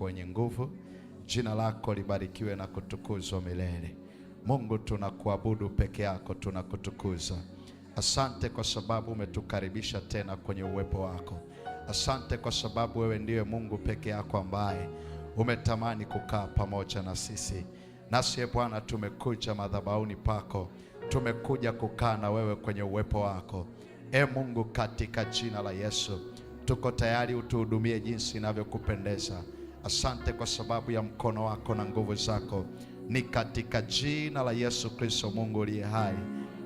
wako wenye nguvu, jina lako libarikiwe na kutukuzwa milele. Mungu, tunakuabudu peke yako, tunakutukuza. Asante kwa sababu umetukaribisha tena kwenye uwepo wako. Asante kwa sababu wewe ndiye Mungu peke yako ambaye umetamani kukaa pamoja na sisi. Nasi Bwana, tumekuja madhabahuni pako, tumekuja kukaa na wewe kwenye uwepo wako. E Mungu, katika jina la Yesu tuko tayari utuhudumie jinsi inavyokupendeza. Asante kwa sababu ya mkono wako na nguvu zako, ni katika jina la Yesu Kristo, Mungu aliye hai.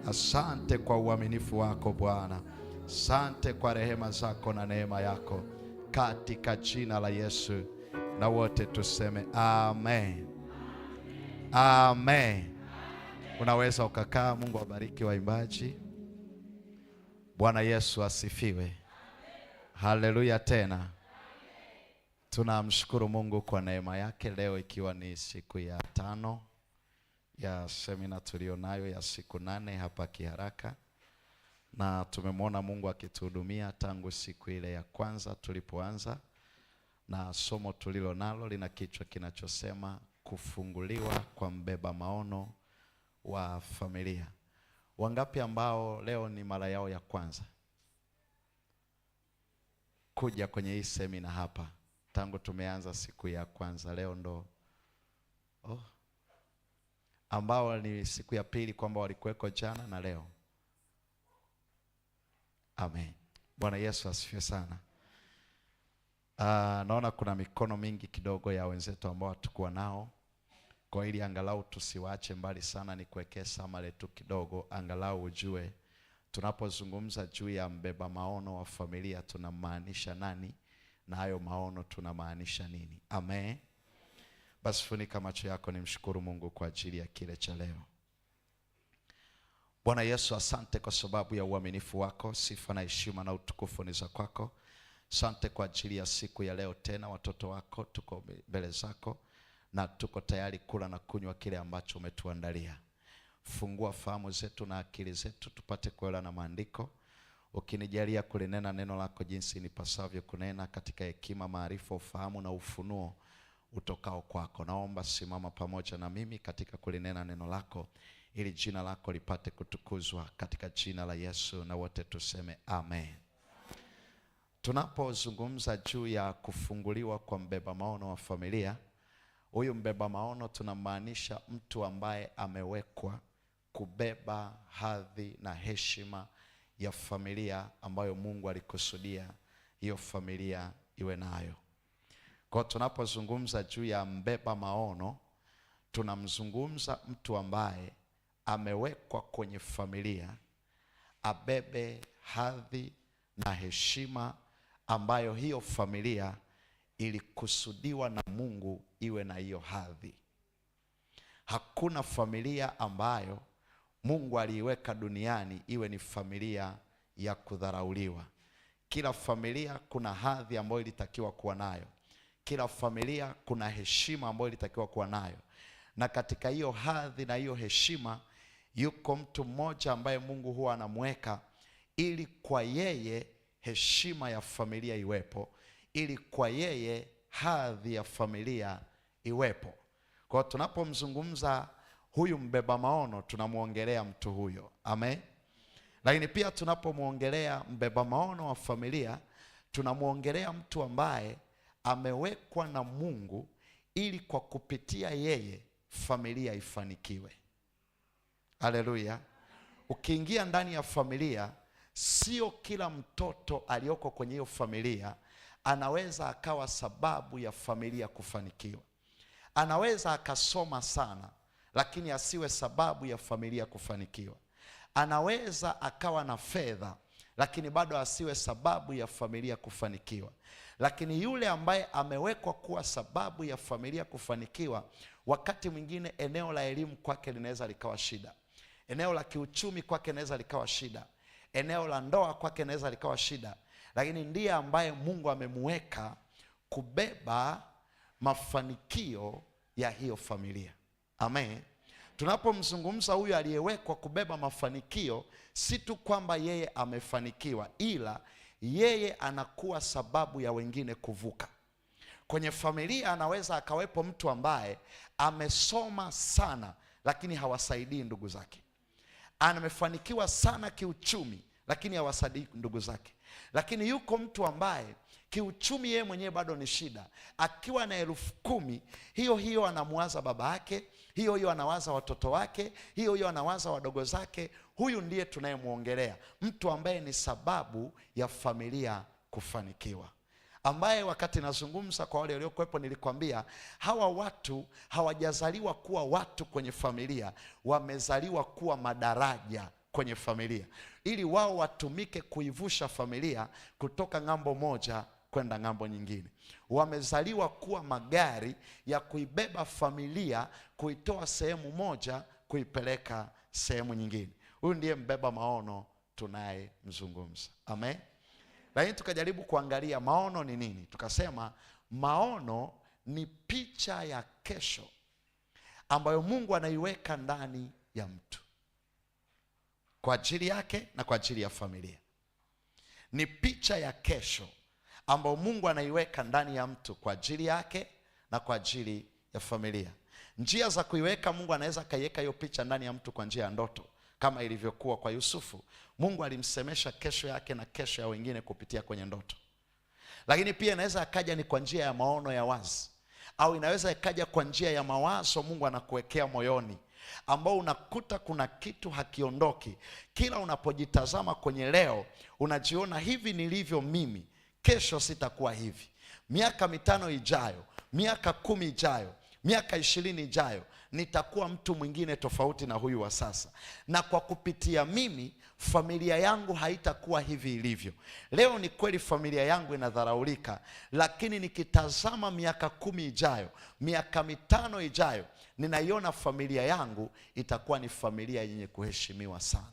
Asante kwa uaminifu wako Bwana, asante kwa rehema zako na neema yako, katika jina la Yesu na wote tuseme amen, amen, amen. Unaweza ukakaa. Mungu awabariki waimbaji. Bwana Yesu asifiwe, haleluya tena Tunamshukuru Mungu kwa neema yake leo, ikiwa ni siku ya tano ya semina tuliyonayo ya siku nane hapa Kiharaka, na tumemwona Mungu akituhudumia tangu siku ile ya kwanza tulipoanza, na somo tulilo nalo lina kichwa kinachosema kufunguliwa kwa mbeba maono wa familia. Wangapi ambao leo ni mara yao ya kwanza kuja kwenye hii semina hapa? tangu tumeanza siku ya kwanza. Leo ndo oh, ambao ni siku ya pili kwamba walikuweko jana na leo. Amen. Bwana Yesu asifiwe sana. Uh, naona kuna mikono mingi kidogo ya wenzetu ambao hatukuwa nao, kwa ili angalau tusiwache mbali sana, ni kuwekea samale tu kidogo, angalau ujue tunapozungumza juu ya mbeba maono wa familia tunamaanisha nani na hayo maono tunamaanisha nini? Amen. Basi funika macho yako, nimshukuru Mungu kwa ajili ya kile cha leo. Bwana Yesu, asante kwa sababu ya uaminifu wako. Sifa na heshima na utukufu ni za kwako. Asante kwa ajili ya siku ya leo tena, watoto wako tuko mbele zako na tuko tayari kula na kunywa kile ambacho umetuandalia. Fungua fahamu zetu na akili zetu, tupate kuelewa na maandiko ukinijalia kulinena neno lako jinsi nipasavyo kunena katika hekima, maarifa, ufahamu na ufunuo utokao kwako. Naomba simama pamoja na mimi katika kulinena neno lako ili jina lako lipate kutukuzwa katika jina la Yesu, na wote tuseme amen. Tunapozungumza juu ya kufunguliwa kwa mbeba maono wa familia, huyu mbeba maono tunamaanisha mtu ambaye amewekwa kubeba hadhi na heshima ya familia ambayo Mungu alikusudia hiyo familia iwe nayo. Kwa tunapozungumza juu ya mbeba maono, tunamzungumza mtu ambaye amewekwa kwenye familia abebe hadhi na heshima ambayo hiyo familia ilikusudiwa na Mungu iwe na hiyo hadhi. Hakuna familia ambayo Mungu aliiweka duniani iwe ni familia ya kudharauliwa. Kila familia kuna hadhi ambayo ilitakiwa kuwa nayo. Kila familia kuna heshima ambayo ilitakiwa kuwa nayo, na katika hiyo hadhi na hiyo heshima yuko mtu mmoja ambaye Mungu huwa anamweka ili kwa yeye heshima ya familia iwepo, ili kwa yeye hadhi ya familia iwepo. Kwa hiyo tunapomzungumza huyu mbeba maono tunamwongelea mtu huyo, amen. Lakini pia tunapomwongelea mbeba maono wa familia, tunamwongelea mtu ambaye amewekwa na Mungu ili kwa kupitia yeye familia ifanikiwe. Haleluya! Ukiingia ndani ya familia, sio kila mtoto aliyoko kwenye hiyo familia anaweza akawa sababu ya familia kufanikiwa. Anaweza akasoma sana lakini asiwe sababu ya familia kufanikiwa. Anaweza akawa na fedha lakini bado asiwe sababu ya familia kufanikiwa. Lakini yule ambaye amewekwa kuwa sababu ya familia kufanikiwa, wakati mwingine eneo la elimu kwake linaweza likawa shida, eneo la kiuchumi kwake linaweza likawa shida, eneo la ndoa kwake linaweza likawa shida, lakini ndiye ambaye Mungu amemuweka kubeba mafanikio ya hiyo familia. Amen. Tunapomzungumza huyu aliyewekwa kubeba mafanikio, si tu kwamba yeye amefanikiwa, ila yeye anakuwa sababu ya wengine kuvuka. Kwenye familia anaweza akawepo mtu ambaye amesoma sana, lakini hawasaidii ndugu zake. Amefanikiwa sana kiuchumi, lakini hawasaidii ndugu zake. Lakini yuko mtu ambaye kiuchumi yeye mwenyewe bado ni shida. Akiwa na elfu kumi hiyo hiyo anamwaza baba yake, hiyo hiyo anawaza watoto wake, hiyo hiyo anawaza wadogo zake. Huyu ndiye tunayemwongelea, mtu ambaye ni sababu ya familia kufanikiwa, ambaye wakati nazungumza kwa wale waliokuwepo nilikwambia hawa watu hawajazaliwa kuwa watu kwenye familia, wamezaliwa kuwa madaraja kwenye familia, ili wao watumike kuivusha familia kutoka ng'ambo moja kwenda ng'ambo nyingine. Wamezaliwa kuwa magari ya kuibeba familia, kuitoa sehemu moja kuipeleka sehemu nyingine. Huyu ndiye mbeba maono tunayemzungumza, amen. Lakini tukajaribu kuangalia maono ni nini, tukasema maono ni picha ya kesho ambayo Mungu anaiweka ndani ya mtu kwa ajili yake na kwa ajili ya familia. Ni picha ya kesho ambayo Mungu anaiweka ndani ya mtu kwa ajili yake na kwa ajili ya familia. Njia za kuiweka, Mungu anaweza akaiweka hiyo picha ndani ya mtu kwa njia ya ndoto kama ilivyokuwa kwa Yusufu. Mungu alimsemesha kesho yake na kesho ya wengine kupitia kwenye ndoto, lakini pia inaweza akaja ni kwa njia ya maono ya wazi, au inaweza ikaja kwa njia ya mawazo Mungu anakuwekea moyoni ambao unakuta kuna kitu hakiondoki. Kila unapojitazama kwenye leo, unajiona hivi nilivyo mimi, kesho sitakuwa hivi, miaka mitano ijayo, miaka kumi ijayo, miaka ishirini ijayo nitakuwa mtu mwingine tofauti na huyu wa sasa, na kwa kupitia mimi familia yangu haitakuwa hivi ilivyo leo. Ni kweli familia yangu inadharaulika, lakini nikitazama miaka kumi ijayo, miaka mitano ijayo, ninaiona familia yangu itakuwa ni familia yenye kuheshimiwa sana.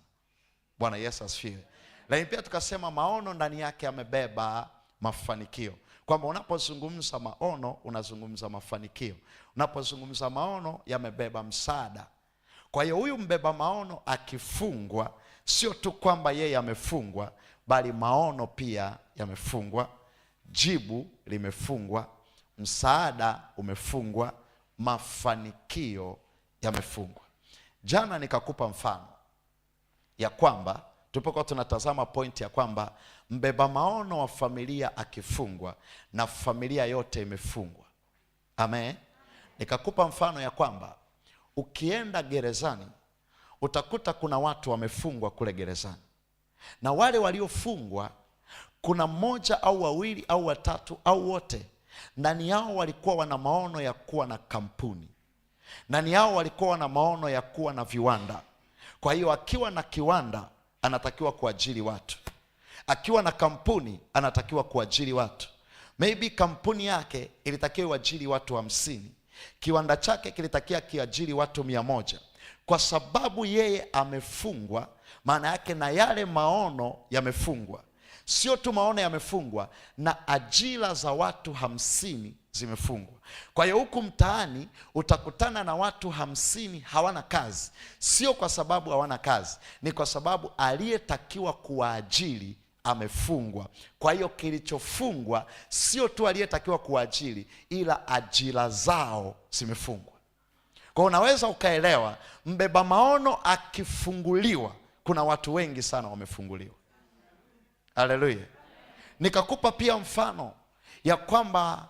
Bwana Yesu asifiwe. Lakini pia tukasema maono ndani yake amebeba mafanikio, kwamba unapozungumza maono unazungumza mafanikio. Unapozungumza maono yamebeba msaada. Kwa hiyo huyu mbeba maono akifungwa, sio tu kwamba yeye amefungwa, bali maono pia yamefungwa, jibu limefungwa, msaada umefungwa, mafanikio yamefungwa. Jana nikakupa mfano ya kwamba tulipokuwa tunatazama pointi ya kwamba mbeba maono wa familia akifungwa na familia yote imefungwa. Amen. Nikakupa mfano ya kwamba ukienda gerezani utakuta kuna watu wamefungwa kule gerezani, na wale waliofungwa kuna mmoja au wawili au watatu au wote ndani yao walikuwa wana maono ya kuwa na kampuni, ndani yao walikuwa wana maono ya kuwa na viwanda. Kwa hiyo akiwa na kiwanda anatakiwa kuajiri watu, akiwa na kampuni anatakiwa kuajiri watu. Maybe kampuni yake ilitakiwa iwaajiri watu hamsini, wa kiwanda chake kilitakiwa kiajiri watu mia moja. Kwa sababu yeye amefungwa, maana yake na yale maono yamefungwa sio tu maono yamefungwa, na ajira za watu hamsini zimefungwa. Kwa hiyo huku mtaani utakutana na watu hamsini hawana kazi. Sio kwa sababu hawana kazi, ni kwa sababu aliyetakiwa kuwaajiri amefungwa. Kwa hiyo kilichofungwa sio tu aliyetakiwa kuwaajiri, ila ajira zao zimefungwa. Kwa unaweza ukaelewa, mbeba maono akifunguliwa, kuna watu wengi sana wamefunguliwa. Haleluya. Nikakupa pia mfano ya kwamba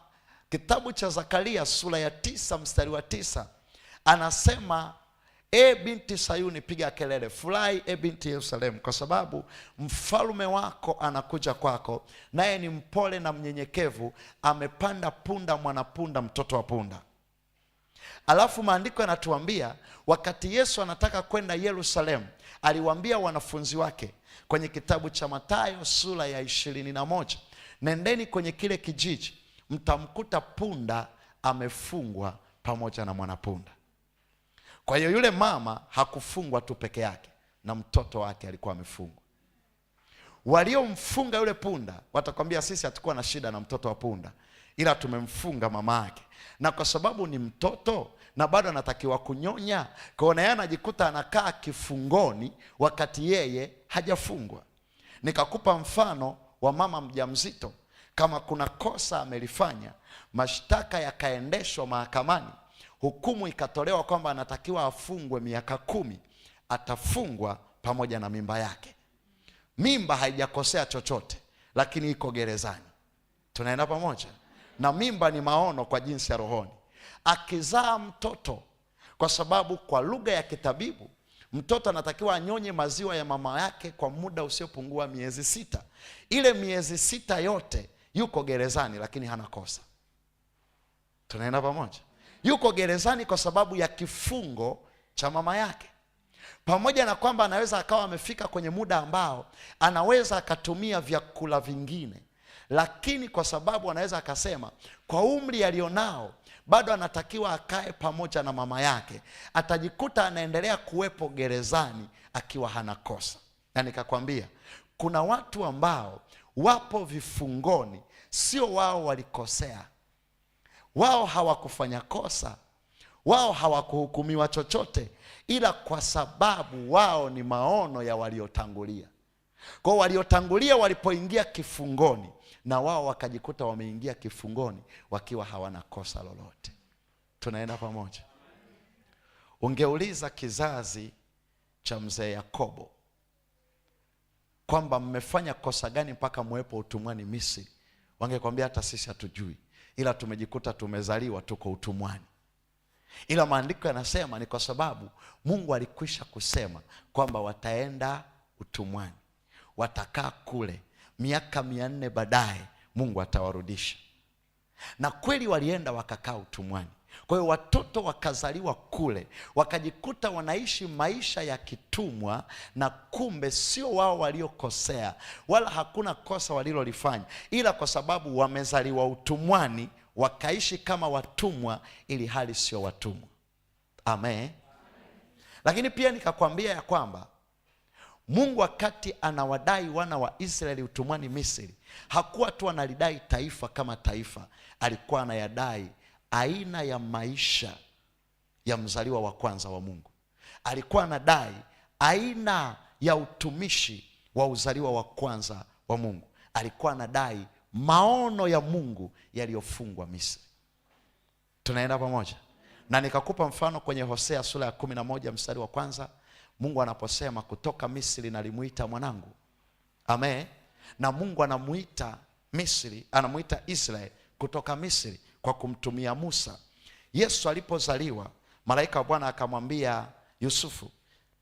kitabu cha Zakaria sura ya tisa mstari wa tisa anasema E binti Sayuni, piga kelele, furahi e binti Yerusalemu, kwa sababu mfalme wako anakuja kwako, naye ni mpole na mnyenyekevu, amepanda punda, mwanapunda, mtoto wa punda. Alafu maandiko yanatuambia wakati Yesu anataka kwenda Yerusalemu, aliwaambia wanafunzi wake kwenye kitabu cha Mathayo sura ya ishirini na moja, nendeni kwenye kile kijiji mtamkuta punda amefungwa pamoja na mwanapunda. Kwa hiyo yule mama hakufungwa tu peke yake, na mtoto wake alikuwa amefungwa. Waliomfunga yule punda watakwambia, sisi hatukuwa na shida na mtoto wa punda, ila tumemfunga mama yake, na kwa sababu ni mtoto na bado anatakiwa kunyonya, kwaona yeye anajikuta anakaa kifungoni wakati yeye hajafungwa. Nikakupa mfano wa mama mjamzito, kama kuna kosa amelifanya, mashtaka yakaendeshwa mahakamani, hukumu ikatolewa kwamba anatakiwa afungwe miaka kumi, atafungwa pamoja na mimba yake. Mimba haijakosea chochote, lakini iko gerezani. Tunaenda pamoja? na mimba ni maono kwa jinsi ya rohoni, akizaa mtoto, kwa sababu kwa lugha ya kitabibu mtoto anatakiwa anyonye maziwa ya mama yake kwa muda usiopungua miezi sita. Ile miezi sita yote yuko gerezani, lakini hana kosa. Tunaenda pamoja? Yuko gerezani kwa sababu ya kifungo cha mama yake, pamoja na kwamba anaweza akawa amefika kwenye muda ambao anaweza akatumia vyakula vingine lakini kwa sababu anaweza akasema kwa umri alionao bado anatakiwa akae pamoja na mama yake, atajikuta anaendelea kuwepo gerezani akiwa hana kosa. Na nikakwambia kuna watu ambao wapo vifungoni, sio wao walikosea, wao hawakufanya kosa, wao hawakuhukumiwa chochote, ila kwa sababu wao ni maono ya waliotangulia. Kwao waliotangulia walipoingia kifungoni, na wao wakajikuta wameingia kifungoni wakiwa hawana kosa lolote. Tunaenda pamoja. Ungeuliza kizazi cha mzee Yakobo kwamba mmefanya kosa gani mpaka mwepo utumwani Misri, wangekwambia hata sisi hatujui, ila tumejikuta tumezaliwa tuko utumwani. Ila maandiko yanasema ni kwa sababu Mungu alikwisha kusema kwamba wataenda utumwani watakaa kule miaka mia nne baadaye Mungu atawarudisha. Na kweli walienda wakakaa utumwani. Kwa hiyo watoto wakazaliwa kule, wakajikuta wanaishi maisha ya kitumwa, na kumbe sio wao waliokosea, wala hakuna kosa walilolifanya, ila kwa sababu wamezaliwa utumwani wakaishi kama watumwa, ili hali sio watumwa. Amen, amen. Lakini pia nikakwambia ya kwamba Mungu wakati anawadai wana wa Israeli utumwani Misri, hakuwa tu analidai taifa kama taifa, alikuwa anayadai aina ya maisha ya mzaliwa wa kwanza wa Mungu. Alikuwa anadai aina ya utumishi wa uzaliwa wa kwanza wa Mungu. Alikuwa anadai maono ya Mungu yaliyofungwa Misri. Tunaenda pamoja? Na nikakupa mfano kwenye Hosea sura ya kumi na moja mstari wa kwanza Mungu anaposema kutoka Misri nalimuita mwanangu, amen. Na Mungu anamuita Misri, anamuita Israeli kutoka Misri kwa kumtumia Musa. Yesu alipozaliwa, malaika wa Bwana akamwambia Yusufu,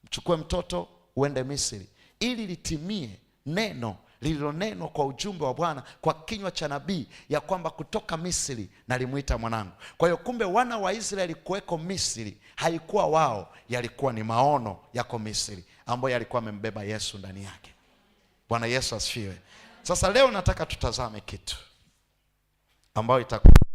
mchukue mtoto uende Misri ili litimie neno lililonenwa kwa ujumbe wa Bwana kwa kinywa cha nabii ya kwamba kutoka Misri nalimwita mwanangu. Kwa hiyo kumbe wana wa Israeli kuweko Misri haikuwa wao, yalikuwa ni maono yako Misri ambayo yalikuwa amembeba Yesu ndani yake. Bwana Yesu asifiwe. Sasa leo nataka tutazame kitu ambayo itakuwa